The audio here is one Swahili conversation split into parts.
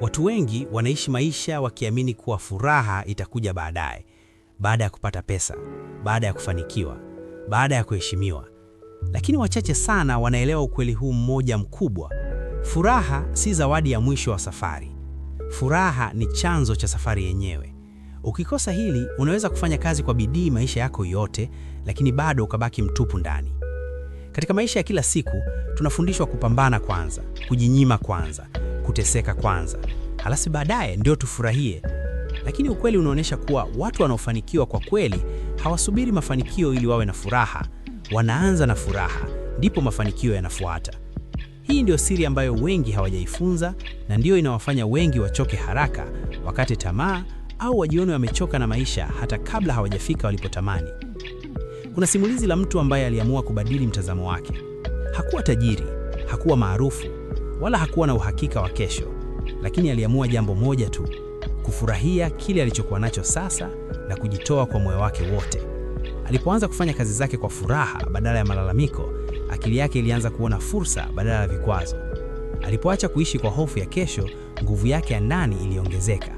Watu wengi wanaishi maisha wakiamini kuwa furaha itakuja baadaye, baada ya kupata pesa, baada ya kufanikiwa, baada ya kuheshimiwa. Lakini wachache sana wanaelewa ukweli huu mmoja mkubwa: furaha si zawadi ya mwisho wa safari. Furaha ni chanzo cha safari yenyewe. Ukikosa hili, unaweza kufanya kazi kwa bidii maisha yako yote, lakini bado ukabaki mtupu ndani. Katika maisha ya kila siku tunafundishwa kupambana kwanza, kujinyima kwanza kuteseka kwanza, halafu baadaye ndio tufurahie. Lakini ukweli unaonyesha kuwa watu wanaofanikiwa kwa kweli hawasubiri mafanikio ili wawe na furaha. Wanaanza na furaha, ndipo mafanikio yanafuata. Hii ndio siri ambayo wengi hawajaifunza na ndiyo inawafanya wengi wachoke haraka, wakate tamaa au wajione wamechoka na maisha hata kabla hawajafika walipotamani. Kuna simulizi la mtu ambaye aliamua kubadili mtazamo wake. Hakuwa tajiri, hakuwa maarufu, wala hakuwa na uhakika wa kesho, lakini aliamua jambo moja tu, kufurahia kile alichokuwa nacho sasa na kujitoa kwa moyo wake wote. Alipoanza kufanya kazi zake kwa furaha badala ya malalamiko, akili yake ilianza kuona fursa badala ya vikwazo. Alipoacha kuishi kwa hofu ya kesho, nguvu yake ya ndani iliongezeka.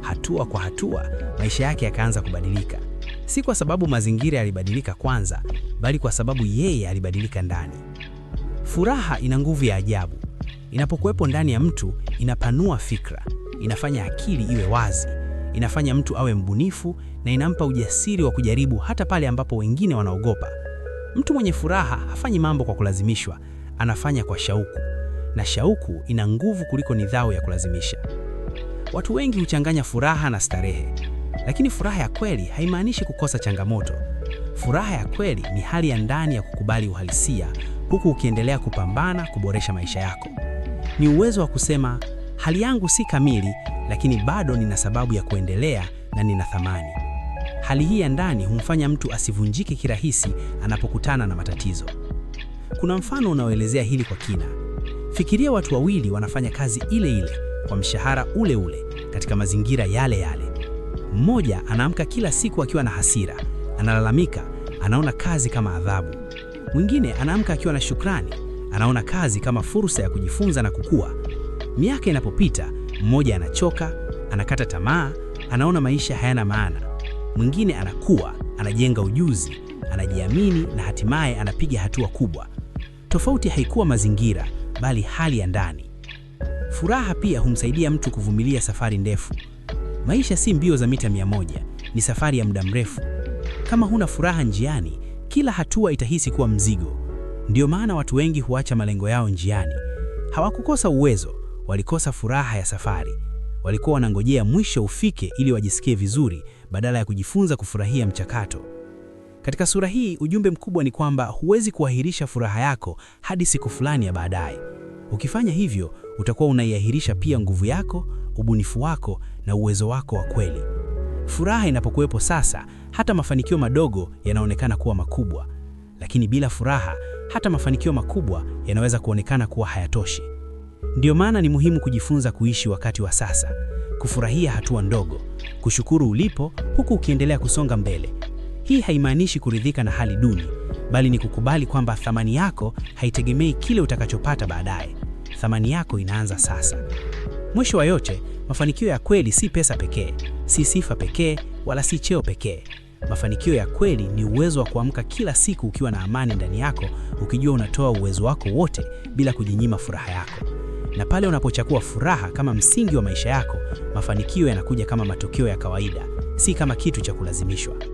Hatua kwa hatua, maisha yake yakaanza kubadilika, si kwa sababu mazingira yalibadilika kwanza, bali kwa sababu yeye alibadilika ndani. Furaha ina nguvu ya ajabu. Inapokuwepo ndani ya mtu, inapanua fikra, inafanya akili iwe wazi, inafanya mtu awe mbunifu na inampa ujasiri wa kujaribu hata pale ambapo wengine wanaogopa. Mtu mwenye furaha hafanyi mambo kwa kulazimishwa, anafanya kwa shauku, na shauku ina nguvu kuliko nidhamu ya kulazimisha. Watu wengi huchanganya furaha na starehe, lakini furaha ya kweli haimaanishi kukosa changamoto. Furaha ya kweli ni hali ya ndani ya kukubali uhalisia, huku ukiendelea kupambana kuboresha maisha yako ni uwezo wa kusema hali yangu si kamili, lakini bado nina sababu ya kuendelea na nina thamani. Hali hii ya ndani humfanya mtu asivunjike kirahisi anapokutana na matatizo. Kuna mfano unaoelezea hili kwa kina. Fikiria watu wawili wanafanya kazi ile ile kwa mshahara ule ule katika mazingira yale yale. Mmoja anaamka kila siku akiwa na hasira, analalamika, anaona kazi kama adhabu. Mwingine anaamka akiwa na shukrani anaona kazi kama fursa ya kujifunza na kukua. Miaka inapopita, mmoja anachoka, anakata tamaa, anaona maisha hayana maana. Mwingine anakuwa, anajenga ujuzi, anajiamini na hatimaye anapiga hatua kubwa. Tofauti haikuwa mazingira, bali hali ya ndani. Furaha pia humsaidia mtu kuvumilia safari ndefu. Maisha si mbio za mita mia moja, ni safari ya muda mrefu. Kama huna furaha njiani, kila hatua itahisi kuwa mzigo. Ndiyo maana watu wengi huacha malengo yao njiani. Hawakukosa uwezo, walikosa furaha ya safari. Walikuwa wanangojea mwisho ufike ili wajisikie vizuri, badala ya kujifunza kufurahia mchakato. Katika sura hii, ujumbe mkubwa ni kwamba huwezi kuahirisha furaha yako hadi siku fulani ya baadaye. Ukifanya hivyo, utakuwa unaiahirisha pia nguvu yako, ubunifu wako na uwezo wako wa kweli. Furaha inapokuwepo sasa, hata mafanikio madogo yanaonekana kuwa makubwa. Lakini bila furaha hata mafanikio makubwa yanaweza kuonekana kuwa hayatoshi. Ndiyo maana ni muhimu kujifunza kuishi wakati wa sasa, kufurahia hatua ndogo, kushukuru ulipo huku ukiendelea kusonga mbele. Hii haimaanishi kuridhika na hali duni, bali ni kukubali kwamba thamani yako haitegemei kile utakachopata baadaye. Thamani yako inaanza sasa. Mwisho wa yote, mafanikio ya kweli si pesa pekee, si sifa pekee, wala si cheo pekee. Mafanikio ya kweli ni uwezo wa kuamka kila siku ukiwa na amani ndani yako, ukijua unatoa uwezo wako wote bila kujinyima furaha yako. Na pale unapochakua furaha kama msingi wa maisha yako, mafanikio yanakuja kama matokeo ya kawaida, si kama kitu cha kulazimishwa.